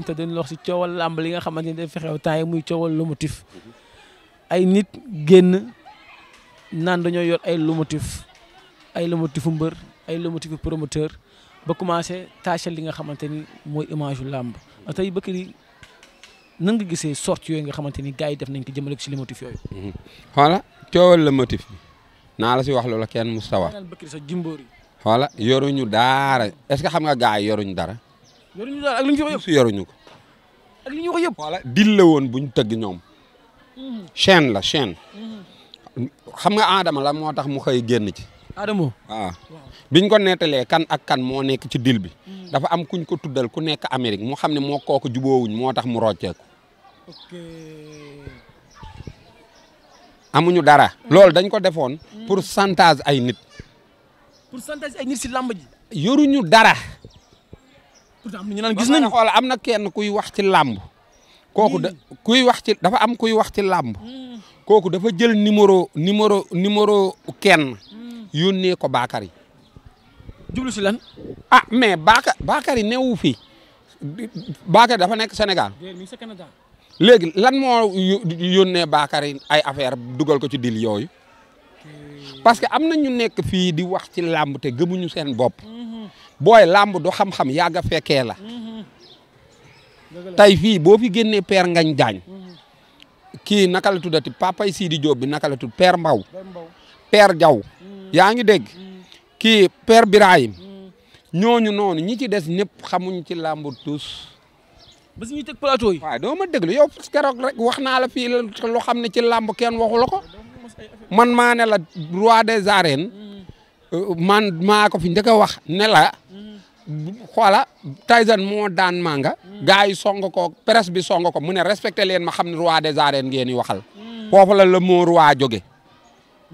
dem te dañu wax si coowal làmb li nga xamante ne dafa xew temps yi muy coowal lomotif ay nit génn naan dañoo yor ay lomotif ay lomotifu mbër ay lomotifu promoteur ba commencé tâcher li nga xamante ni mooy image yu làmb tey bëkk yi nan nga sorte yooyu nga xamante ni gars yi def nañ ko jëmale si lomotif yooyu. Mhm. voilà coowal lomotif bi la si wax loola kenn mu sawar. xoola yoruñu daara est-ce que xam nga gars yi yoruñu dara. yoruñu daal ak li ñu ko yëpp yoruñu ko. ak li ñu ko yëpp. voilà woon bu ñu tëgg ñoom. Mm-hmm. chaîne la chaîne. Mm-hmm. xam nga Adama la moo tax mu xëy génn ci. Adama waaw. biñ ko nettalee kan ak kan moo nekk ci dil bi. Mm-hmm. dafa am kuñ ko tuddal ku nekk Amérique mu xam ne moo kooku juboowuñ moo tax mu rocceeku. ok. amuñu dara. loolu dañ ko defoon. pour chantage ay nit. pour chantage si làmb ji. yoruñu dara. pourtant na ñu naan gis nañu xool am na kenn kuy wax ci làmb kooku da kuy wax ci dafa am kuy wax ci làmb mm. kooku dafa jël numéro numéro numéro kenn mm. yónnee ko Bakary jublu si lan ah mais Bakary Bakary newu fi Bakary dafa nekk Sénégal léegi lan moo yónnee Bakary ay affaire dugal ko ci dil yooyu parce que am na ñu nekk fii di wax ci làmb te gëmuñu seen bopp mm-hmm. booy làmb du xam-xam yàgg fekkee la tey fii boo fi génnee père ngañ jaañ kii naka la tuddati papay Sidi Diop bi naka la tudd Mbaw père Diaw mm. yaa ngi dégg mm. kii père Birahim mm. ñooñu noonu ñi ci des ñëpp xamuñ ci làmb tous ba si ñuy teg plateau yi. ma déglu yow parce que rek wax naa la fii lu xam ne ci làmb kenn waxu la ko man maa ne la roi de arènes. man maa ko fi njëkk a wax ne la xoola Tyson moo daan manga gars yi song ko presse bi song ko mu ne respecté leen ma xam ne roi des arènes ngeen di waxal foofu la le mot roi jóge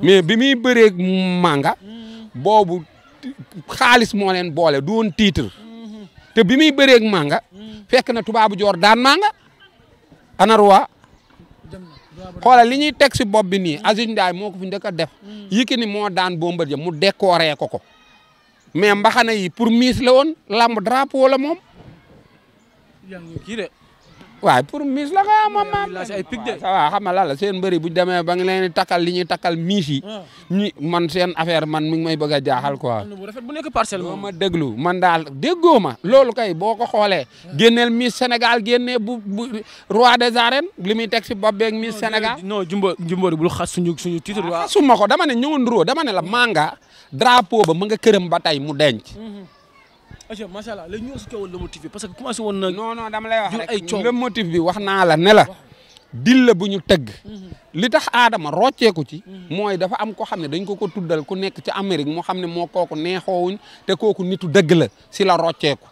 mais bi muy bëreeg manga boobu xaalis moo leen boole doon titre te bi muy bëreeg manga fekk na tubaabu joor daan manga ana roi xoolal li ñuy teg si bopp bi nii Aziz Ndiaye moo ko fi njëkk def def mm. Yékini moo daan Bombardier mu décoré ko ko mais mbaxana yi pour miis la woon lamb drapeau la moom kii de waaye pour miis la nga ma maam waaw xam nga la la seen mbëri bu demee ba nga leen di takkal li ñuy takkal miis yi ah. man seen affaire man mi ngi may bëgg a jaaxal quoi boo ma déglu man daal déggoo ma loolu kay boo ko xoolee ah. génneel miis senegal génnee bu bu de des arènes li muy teg si bopp beeg miis Sénégal non jumbo jumboori bul xas suñu suñu titre ah, waaw xasuma ko dama ne ñëwoon dama ne la manga drapeau ba mu nga këram ba tey mu denc mhm. aja macha allah léegi ñoo si coowal le motif bi parce que commencé woon na. non non wax naa la ne la. dil bu ñu tëgg. Mhm. li tax aadama rocceeku ci. Mhm. mooy dafa am ko xam ne dañ ko ko tuddal ku nekk ci Amérique moo xam ne moo kooku neexoowuñ te kooku nitu dëgg la si la rocceeku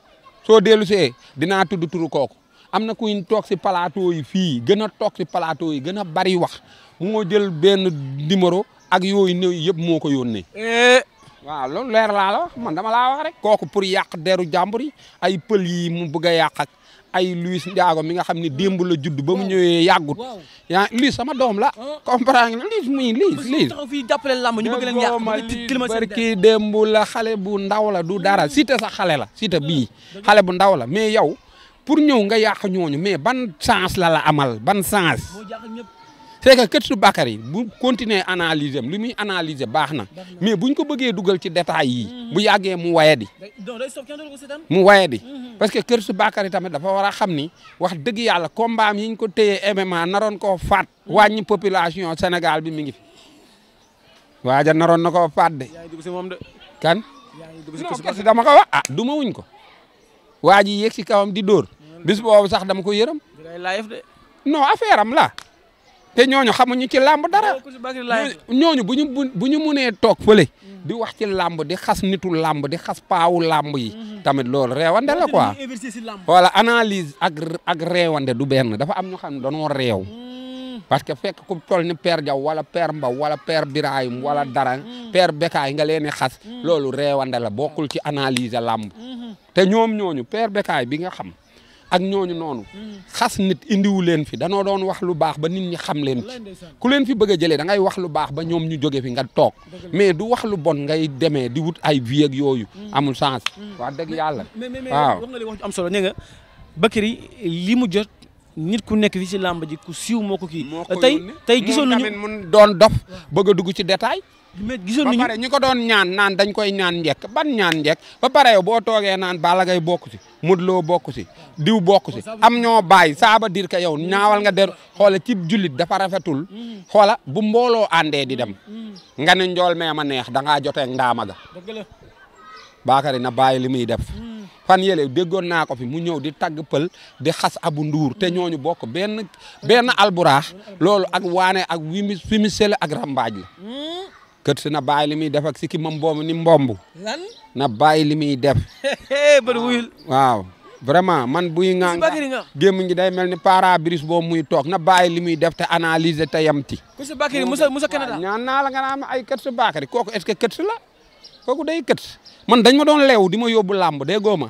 soo dellu see dinaa tudd turu kooku. am na kuy toog si plateau yi fii gën a toog si plateau yi gën a bari wax moo jël benn numéro ak yooyu néew yëpp moo ko yónnee. Eh, waaw loolu leer laa la wax man dama laa wax rek. kooku pour yàq deru jàmbur yi ay pël yi mu bëgg a yàq ak ay Luis Ndiago mi nga xam ne démb la judd ba mu ñëwee yàggut. sama doom la. Oh. comprendre nga Luis muy Luis Luis. taxaw fii la xale bu ndaw la du dara hmm. Siteu sax xale la Siteu hmm. bii xale bu ndaw la mais yow pour ñëw nga yàq ñooñu mais ban chance la la amal ban chance. c'est que Këtsu Bakary bu continuer analyser am lu muy analyser baax na mais buñ ko bëggee dugal ci détails yi bu yàggee mu waye di mu waye di mhm. parce que Këtsu Bakary tamit dafa war a xam ni wax dëgg yàlla combat yi ñu ko téye MMA naroon koo faat mhm. wàññi population Sénégal bi mi ngi fi waaja naroon na koo faat de kan non parce que dama ko wax ah duma wuñ ko waa ji yéeg si kawam di dóor mm. bis boobu sax dama ko yërëm non la te ñooñu xamuñu ci làmb dara ñooñu bu ñu bu ñu munee toog fële di wax ci làmb di xas nitu làmb di xas paawu làmb yi mhm. tamit loo reewande la quoi wala analise ak ak reewande du benn dafa am ñu xam ne dañoo reew mhm. parce que fekk ku toll ni per Diaw wala per Mbaw wala per Birayim mhm. wala dara père Bekaay nga leen di xas loolu reewande la bokkul ci analyse làmb te ñoom ñooñu père Bekaay bi nga xam ak ñooñu noonu xas nit indiwu leen fi danoo doon wax lu baax ba nit ñi xam leen ci ku leen fi bëgg a jëlee da ngay wax lu baax ba ñoom ñu joge fi nga toog mais du wax lu bon ngay demee di wut ay vie yooyu amul sens mm. wax dëgg yàlla waaw wax nga li am solo ne nga Bakary li mu jot nit ku nekk fi si làmb ji ku siiw moo ko kii. tey tey gisoon nañu moom tamit doon dof bëgg a dugg ci détail. mais gisoon nañu ba pare ñu ko doon ñaan naan dañ koy ñaan njekk ban ñaan njek ba pare boo toogee naan Balla Gaye bokk ci Modou Lo bokk ci diw bokk ci am ñoo bàyyi saaba veut dire que yow ñaawal nga der xoola ci jullit dafa rafetul xoola bu mbooloo àndee di dem nga ne njool mee ma neex da ngaa jotee ndaama ga. Bakary na bàyyi li muy def. fan yële déggoon naa ko fi mu ñëw di tagg pël di xas abu nduur te ñooñu bokk benn benn alburaax loolu ak waane ak wimi wimi sele ak rambaaj la hmm? kër si na bàyyi li muy def ak si ki ma mboom ni mbomb na bàyyi li muy def bër wuyul waaw vraiment man buy ŋaa gémmiñ gi day mel ni pare-brise boobu muy toog na bàyyi li muy def te analyser te yamti ku si naa la nga naa am ay kër si Bakary kooku est si la kooku day kët man dañ ma doon leew di ma yóbbu làmb déggoo ma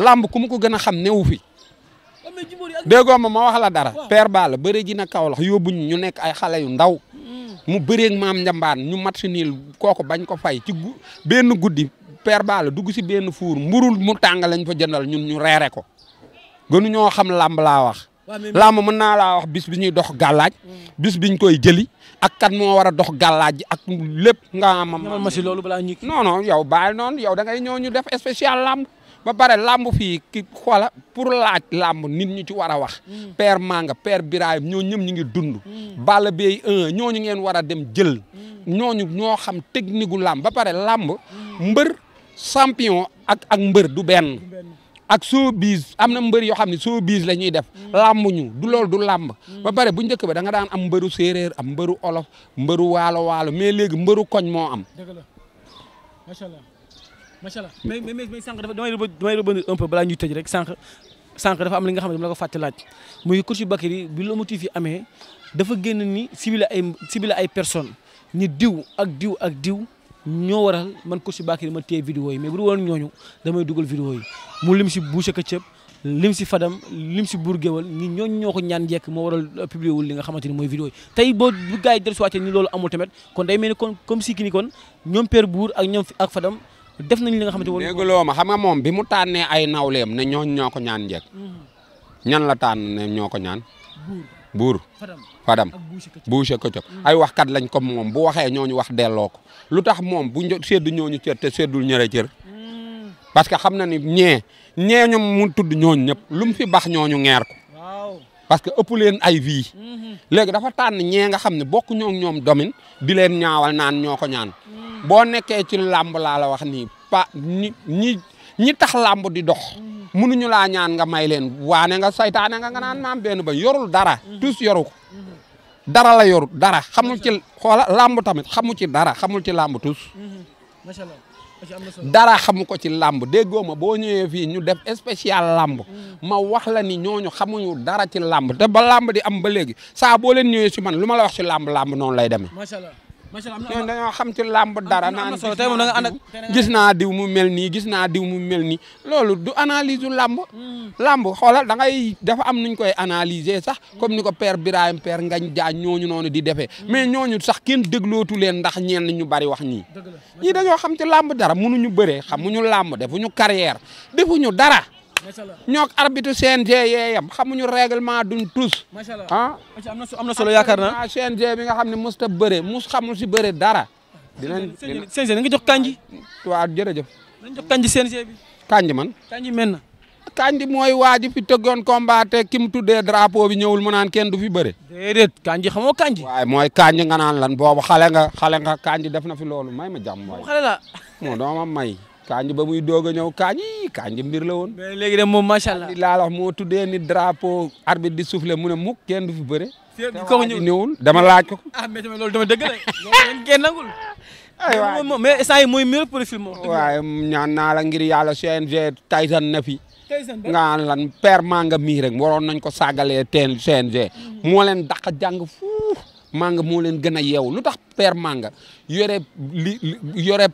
làmb ku ma ko gën a xam newu fi déggoo ma ma wax la dara père Balla bëre ji na Kaolack yóbbuñ ñu nekk ay xale yu ndaw mm. mu bëreeg maam njambaan ñu mat si niil kooku bañ ko fay ci benn guddi père Balla dugg si benn fuur mburul mu tàng lañ fa jëndal ñun ñu reere ko gënu ñoo xam làmb laa wax làmb mën naa laa wax bis bi ñuy dox gàllaaj mm. bis biñ koy jëli ak kan moo war a dox gàllaaj ji ak lépp nga ma si loolu balaa ñu non non yow bàyyi noonu yow da ngay ñu def spécial lamb ba pare làmb fii ki xoola pour laaj làmb nit ñi ci war a wax mm. père maanga père Birahim ñoo ñëm ñu ngi dund mm. Balla Beye 1 ñooñu ngeen war a dem jël ñooñu ñoo xam technique gu làmb ba pare làmb mbër champion ak ak mbër du benn ak showbiz am na mbër yoo xam ne showbiz la ñuy def mm. làmb ñu du lool du làmb mm. ba pare bu njëkk ba da nga daan am mbëru séeréer am mbëru olof mbëru waalo waalo mais léegi mbëru koñ moo am macha allah macha allah mais mais mais sànq dafa damay damay rebondir un peu balaa ñuy tëj rek sànq sànq dafa am li nga xam ne dama la ko fàtte laaj si coach Bakary bi lomotif yi amee dafa génn ni ciblé ay ciblé ay personnes ñu diw ak diw ak diw ñoo waral man ko si Bakary ma téye vidéo yi mais bu dul woon ñooñu damay dugal vidéo yi mu lim si Boucher Ketchup lim si Fadam lim si Bour Guéweul ñi ñooñu ñaan njekk moo waral publier wul li nga xamante ni mooy vidéo yi tey boo bu gars yi del ni loolu amul tamit kon day mel kon comme si kon ñoom Père Bour ak Fadam def nañ li nga xamante ne dégguloo ma xam nga moom bi mu tànnee ay nawleem ne ñooñu ñoo ko ñaan njekk mm. ñan la tànn ne ñoo ñaan buur fadam buuse këcëb mm. ay waxkat lañ comme moom bu waxee ñooñu wax delloo ko lu tax moom bu seddu ñooñu cër te seddul ñëre cër mm. parce que xam na ni ñee ñee ñoom mu tudd ñooñu ñëpp lu mu fi bax ñooñu ngeer ko parce que ëpp leen ay vie mm-hmm. léegi dafa tànn ñee nga xam ne bokk ñoom ñoom domin di leen ñaawal naan ñoo ko ñaan mm. boo nekkee ci làmb laa la wax nii ñi ñi tax làmb di dox mënuñu laa ñaan nga may leen waane nga saytaane nga nga naan maam benn ba yorul dara mhm. tous yoru ko dara la yorul dara xamul ci xoola làmb tamit xamu ci dara xamul ci làmb tous mhm. macha allah dara xamu ko ci làmb déggoo ma boo ñëwee fii ñu def spécial làmb mhm. ma wax la ni ñooñu xamuñu dara ci làmb te ba làmb di am ba léegi saa boo leen ñëwee si man lu ma la wax si làmb làmb noonu lay demee. macha allah ñoom dañoo xam ci làmb dara naan gis naa diw mu mel nii gis naa diw mu mel nii loolu du analyse u làmb hmm. làmb xoolal da ngay dafa am nuñ koy analyser sax hmm. comme ni ko per père Birahim père Ngañ Jaañ ñu noonu di defee hmm. mais ñu sax kenn déglootu leen ndax ñenn ñu bari wax ñii ñii dañoo xam ci làmb dara ñu bëree xamuñu làmb defuñu carrière ñu dara ñoog arbitre CNG yeeyam xamuñu règlement duñ tous. macha allah ah. am na am na solo yaakaar naa CNG bi nga xam ne mosut a bëre mos xamul si bëre dara. dinañ dinañ CNG nga jox kanji. waaw jërëjëf. nañ jox kanji CNG bi. kanji man kanji mel na. kanji mooy waa ji fi tëggoon combattre ki mu tuddee drapeau bi ñëwul mu naan kenn du fi bëre. déedéet kanji xamoo kanji. waaye mooy kanji nga naan lan boobu xale nga xale nga kanji def na fi loolu may ma jàmm. mooy xale la. non may. Kanji ba muy doog a ñëw Kanji Kanji mbir la woon. mais léegi de moom macha allah. laa wax moo tuddee ni drapeau di soufflé mu ne mukk kenn du fi bëre. kooku dama laaj ko. ah mais tamit loolu dama dëgg la loolu kenn nangul. aywa mooy meilleur waaye ñaan naa ngir yàlla CNG Tyson na fi. nga lan père Manga mii rek waroon nañ ko sàggalee teen CNG. Mm-hmm. moo leen daq jàng fuuf Manga moo leen gën a yeew lu tax père Manga yore li yore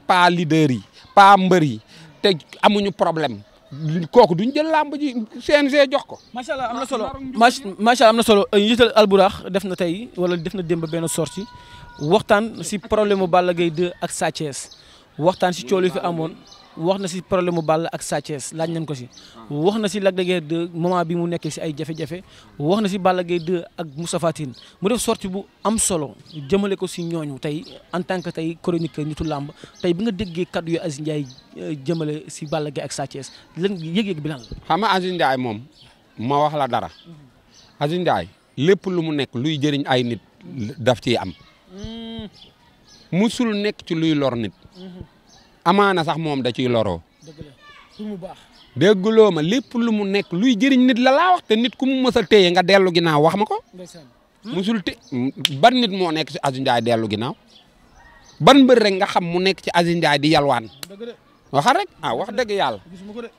yi. pas mbër yi te amuñu problème kooku duñ jël làmb ji CNG jox ko. macha am na solo macha allah am na solo njiital euh, Alburax def na tey wala def na demb benn sortie waxtaan si problème mu Balla Gaye ak Sa waxtaan si coono fi amoon. wax na si problème mu Balla ak Sa Thiès laaj nañ ko si. wax na si Lac de Guiers 2 bi mu nekkee si ay jafe-jafe wax na si Balla Gaye 2 ak Moustapha Tine mu def sortie bu am solo jëmale ko si ñooñu tey en tant que tey chroniqueur nitu làmb tey bi nga déggee kaddu yu Ndiaye euh, jëmale si Balla ak Sa Thiès lan yëg-yëg bi lan nga Aziz moom ma wax la dara lépp lu mu nekk luy jëriñ ay nit daf ci am. Hmm. musul nekk ci luy lor nit. Hmm. amaana sax moom da ciy loroo. dégguloo ma lépp lu mu nekk luy jëriñ nit la laa wax te nit ku mu mës a téye nga dellu ginnaaw wax ma ko. musul té ban nit moo nekk ci Aziz Ndiaye dellu ginnaaw ban mbër rek nga xam mu nekk ci Aziz Ndiaye di yalwaan. waxal rek ah wax dëgg yàlla.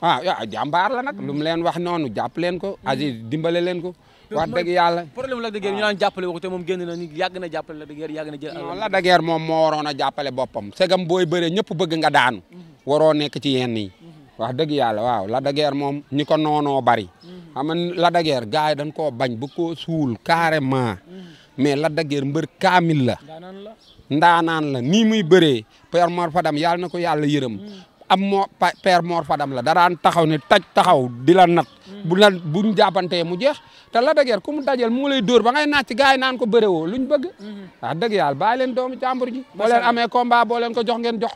ah jàmbaar la nag. lu mu leen wax noonu jàpp leen ko. Mm. Aziz dimbale leen ko. wax dëgg yàlla problème Lac naan jàppale waxu te moom génn na ni yàgg na jàppale Lac de Guiers yàgg na jël Lac de moom moo waroon a jàppale boppam segam booy bëree ñëpp bëgg nga daan mhm. waroo nekk ci yenn yi mhm. wax dëgg yàlla waaw Lac de moom ñi ko noonoo bari mhm. xam la Lac de Guiers gars yi koo bañ bu ko suul carrément mais Lac de Guiers mbër kaamil la ndaanaan la nii muy bëree Père Mor Fadam yàlla na ko yàlla yërëm a moo père Mor Fadam la daraan taxaw ne taj taxaw di la nat mm. bu la buñ jàppantee mu jeex te la dëgër ku mu dajal mu ngi lay dóor ba ngay naaj ci gars yi naan ko bëre woo luñ bëgg mm-hmm. wax dëgg yàlla bàyyi leen doomu jàmbur ji boo leen amee komba boo leen ko jox ngeen jox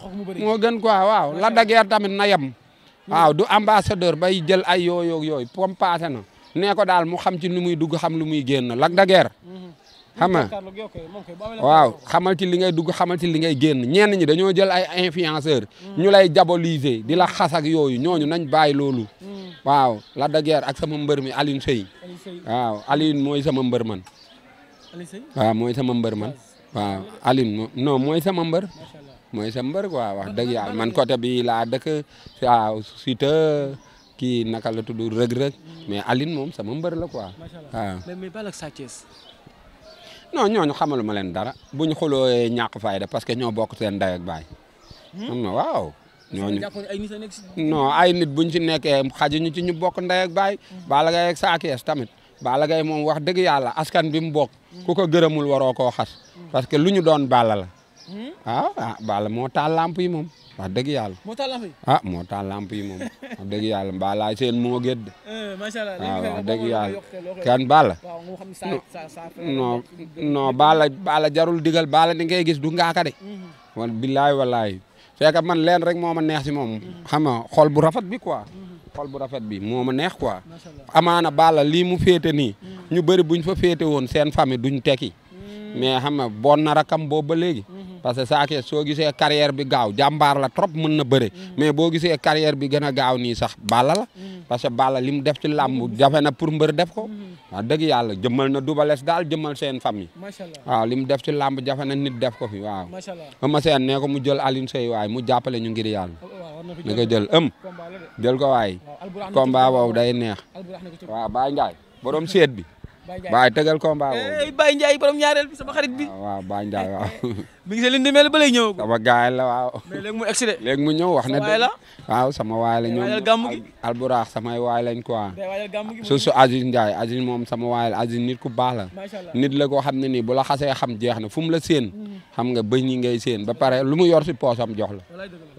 ko moo gën quoi waaw la dëgër tamit na yem mm. waaw du ambassadeur bay jël ay yooyu yooyu pomme passé na nee ko daal mu xam ci nu muy dugg xam lu muy génn lak daguerre xam waaw xamal ci li ngay dugg xamal ci li ngay génn ñenn ñi dañoo jël ay influenceur mm. ñu lay diaboliser di la xas ak yooyu ñooñu nañ bàyyi loolu mm. waaw la de guerre ak sama mbër mi Alioune Seye waaw Alioune mooy sama mbër man waaw mooy sama mbër man waaw Alioune non mooy sama mbër mooy sama mbër quoi wax dëgg yàlla man côté bi laa dëkk waaw sita kii naka la tudd rëg-rëg mm. mais Alioune moom sama mbër la quoi non ñooñu xamaluma leen dara bu ñu xulooyee eh, ñàkk fayda parce que ñoo bokk seen ndey ak baay. Hmm? xam na waaw. ñooñu ay nit buñ ci nekkee xajuñu ci ñu bokk ndey ak baay. Hmm. Balla Gaye ak Sa Thiès tamit Balla Gaye moom wax dëgg yàlla askan bi mu bokk. Hmm. ku ko gërëmul waroo koo xas. parce que lu ñu doon bala la. ah ah moo taal lamp yi moom. wax dëgg yàlla. moo taal lamp ah, moo taal lamp yi moom wax dëgg yàlla mbaa laay seen moo gëdd. Eh, macha allah ah, waaw dëgg yàlla kan Balla. non non bala Balla jarul digal Balla di ngay gis du ngaaka de. Mm-hmm. wan billaay walaay fekk man leen rek moo ma neex si moom. Mm-hmm. xam nga xol bu rafet bi quoi. Mm-hmm. xol bu rafet bi moo ma neex quoi. amaana Balla lii mu féete nii. ñu bëri buñ fa féete woon seen famille duñ tekki. mais xam nga bon na rakam parce que Sa Thiès soo gisee carrière bi gaaw jàmbaar la trop mën na bëre mm. mais boo gisee carrière bi gën a gaaw nii sax Balla la mm. parce que Balla li mu def ci làmb mm. jafe na pour mbër def ko waaw dëgg yàlla jëmmal na dubales daal jëmmal seen famille waaw li mu def ci làmb jafe na nit def ko fi waaw ëma seen nee ko mu jël Alioune Seye waay mu jàppale ñu ngir yàlla li oh, ko jël ëm jël ko waay combat boobu day neex waaw Baye Ndiaye borom seet bi Baye tëgal combat boobu. Eh, Baye Ndiaye borom ñaareel bi sama xarit bi. Ah, waaw Baye Ndiaye waaw. mi ngi se leen di mel ba léegi ñëw. sama gaay la waaw. mais léegi mu egsi de. léegi mu ñëw wax na de. waaw sama waay la ñoom. waayal gàmm gi alburaax samay waay lañ quoi. su su Aziz Ndiaye Aziz moom sama waay la Aziz nit ku baax la. nit la koo xam ne nii bu la xasee xam jeex na fu mu la séen. Mm. xam nga bëñ ñi ngay séen ba pare lu mu yor si poosam jox la.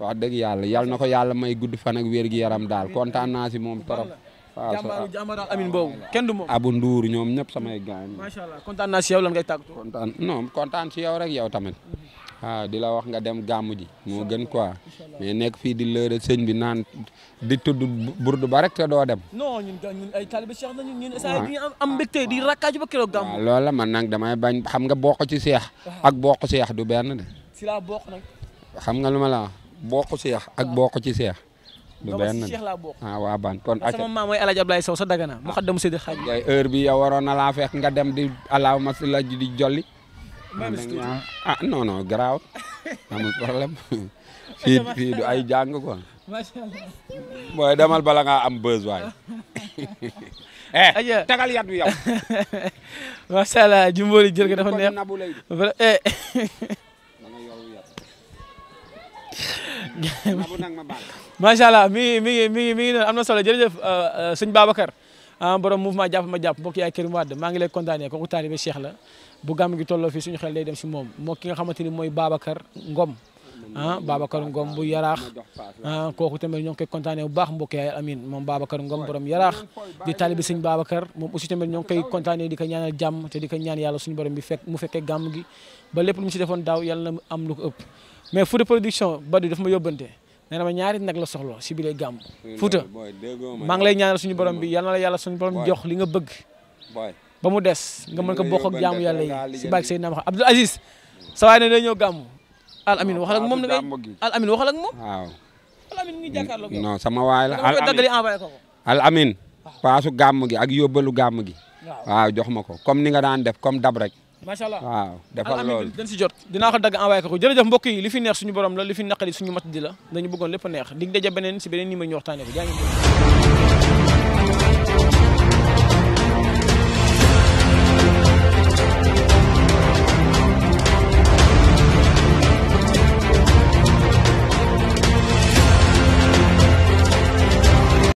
wax dëgg yàlla yal na ko yàlla may gudd fan ak wér gi yaram daal kontaan naa si moom trop Ah. waaw jàmbaaru jàmbaaru Amine kenn du moom. Abu ñoom ñëpp samay gaañ. macha allah kontaan naa si ngay tàggatoo. kontaan non kontaan si yow rek yow tamit. Mhm. Ah, di la wax nga dem gàmmu ji moo gën quoi mais nekk fii di lëre sëñ bi naan di tudd burdu ba rek te doo dem. non ñun ñun ay talibé di rakkaaju ba keroog gàmmu. waaw loolu la man nag bañ xam nga bokk ci seex. ak bokk seex du benn de. xam nga lu ma la wax bokk seex ak bokk ci seex. du benn Cheikh laa bokk ah waa ban kon sama maam mooy Alaaji mu xaddamu sidi xaaj heure bi ya waroon na fekk nga dem di alaaw ma si la di jolli ah non non garaaw amul problème fii fii du ay jàng quoi mooy demal bala ngaa am buzz waay eh tagal yat bi yow jumboori jël ko dafa neex macha allah mi mi mi mi ngi noonu am na solo jërëjëf euh, euh, sëñ Babacar ah, borom mouvement jàpp ma jàpp mbokk yaay Karim Wade maa ngi lay kontaanee kooku taalibe Cheikh la bu gàmm gi tolloo fii suñu xel lay dem si moom ki nga xamante ni mooy Babacar Ngom ah Babacar Ngom bu yaraax ah kooku tamit ñoo ngi koy kontaanee bu baax mbokk yaay amin moom Babacar Ngom borom yaraax di taalibe sëñ Babacar moom aussi tamit ñoo ngi koy di ko ñaanal jàmm te di ko ñaan yàlla suñu borom bi fekk mu fekkee gàmm gi ba lépp lu mu si defoon daaw yàlla na am lu ko ëpp mais Fouta production Badou daf ma yóbbante nee na ma ñaari nag la soxla si bi lay gàmm Fouta maa ngi lay ñaanal suñu borom bi yal na la yàlla suñu borom jox li nga ba mu des nga mën ko bokk ak jaamu yàlla yi si baag Seydina Muhammad Abdoul Aziz sa waay ne day ñëw al amin waxal ak moom na al amin waxal ak moom waaw al amin sama waay la daggali envoyé ko al amin paasu gàmm gi ak yóbbalu gàmm gi jox ma ko comme ni nga daan def comme dab rek macha allah waaw defal loolu dañ si jot dinaa ko ko jërëjëf mbokk yi li fi neex suñu borom la li fi naqari suñu mat di la dañu bëggoon lépp neex dig daje beneen si beneen numéro ñu waxtaanee ko jaa ngi